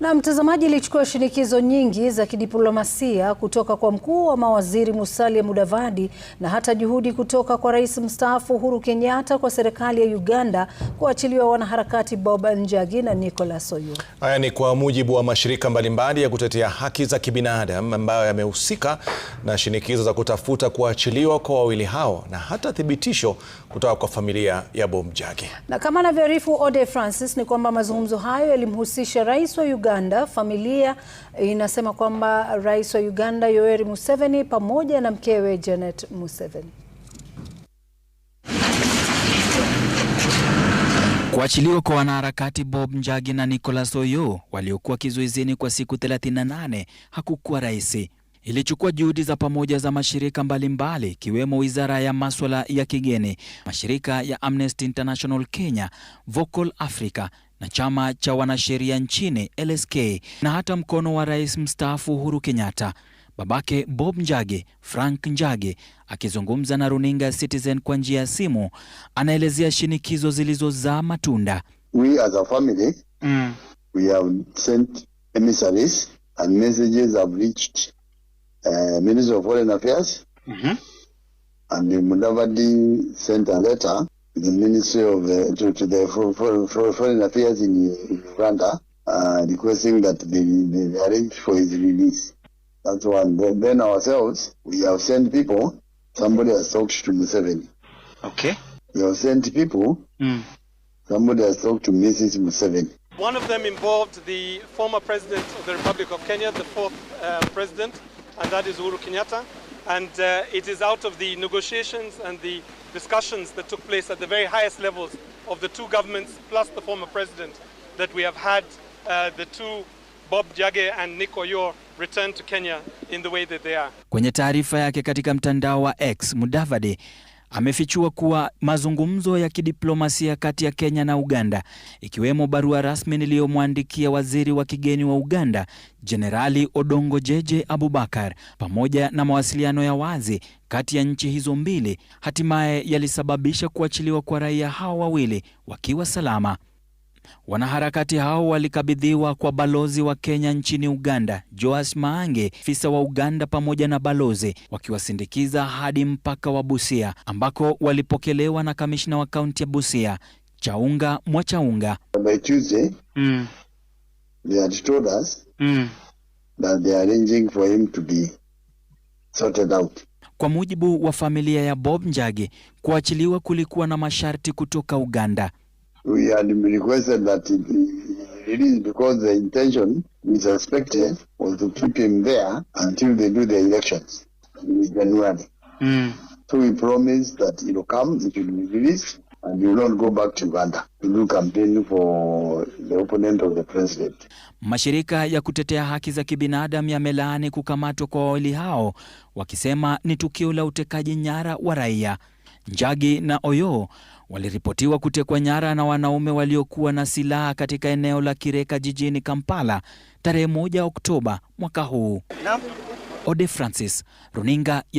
Na mtazamaji, ilichukua shinikizo nyingi za kidiplomasia kutoka kwa mkuu wa mawaziri Musalia Mudavadi na hata juhudi kutoka kwa rais mstaafu Uhuru Kenyatta kwa serikali ya Uganda kuachiliwa wanaharakati Bob Njagi na Nicholas Oyoo. Haya ni kwa mujibu wa mashirika mbalimbali ya kutetea haki za kibinadamu ambayo yamehusika na shinikizo za kutafuta kuachiliwa kwa wawili hao na hata thibitisho kutoka kwa familia ya Bob Njagi. Na kama anavyoarifu Ode Francis ni kwamba mazungumzo hayo yalimhusisha rais wa Uganda Uganda, familia inasema kwamba rais wa Uganda Yoweri Museveni pamoja na mkewe Janet Museveni Kuachiliwa kwa wanaharakati Bob Njagi na Nicholas Oyo waliokuwa kizuizini kwa siku 38 hakukuwa rahisi. Ilichukua juhudi za pamoja za mashirika mbalimbali ikiwemo mbali, wizara ya maswala ya kigeni, mashirika ya Amnesty International Kenya, Vocal Africa na chama cha wanasheria nchini LSK na hata mkono wa rais mstaafu Uhuru Kenyatta. Babake Bob Njage, Frank Njage, akizungumza na runinga Citizen kwa njia ya simu, anaelezea shinikizo zilizozaa matunda. We as a family, mm. we have sent emissaries and messages have reached uh, eh, Minister of Foreign Affairs mm -hmm. and Mudavadi sent a letter the Ministry of uh, to, to the for, for, for Foreign Affairs in, Uganda, uh, requesting that they, they, arrange for his release. That's one. Then, then, ourselves, we have sent people. Somebody has talked to Museveni. Okay. We have sent people. Mm. Somebody has talked to Mrs. Museveni. One of them involved the former president of the Republic of Kenya, the fourth uh, president, and that is Uhuru Kenyatta. And uh, it is out of the negotiations and the discussions that took place at the very highest levels of the two governments, plus the former president, that we have had uh, the two Bob Jage and Nick Oyor return to Kenya in the way that they are. Kwenye taarifa yake katika mtandao wa X, Mudavadi amefichua kuwa mazungumzo ya kidiplomasia kati ya Kenya na Uganda, ikiwemo barua rasmi niliyomwandikia waziri wa kigeni wa Uganda Jenerali Odongo Jeje Abubakar, pamoja na mawasiliano ya wazi kati ya nchi hizo mbili, hatimaye yalisababisha kuachiliwa kwa raia hao wawili wakiwa salama. Wanaharakati hao walikabidhiwa kwa balozi wa Kenya nchini Uganda, Joas Maange, afisa wa Uganda pamoja na balozi, wakiwasindikiza hadi mpaka wa Busia ambako walipokelewa na kamishna wa kaunti ya Busia, Chaunga Mwachaunga. Mm. Mm. Kwa mujibu wa familia ya Bob Njagi, kuachiliwa kulikuwa na masharti kutoka Uganda we had requested that he released because the intention, we suspected, was to keep him there until they do the elections in January. Mm. So we promised that it will come, it will be released, and you not go back to Uganda to do campaign for the opponent of the president. Mashirika ya kutetea haki za kibinadamu yamelaani kukamatwa kwa wawili hao wakisema ni tukio la utekaji nyara wa raia. Njagi na Oyo waliripotiwa kutekwa nyara na wanaume waliokuwa na silaha katika eneo la Kireka jijini Kampala tarehe 1 Oktoba mwaka huu. Ode Francis, Runinga.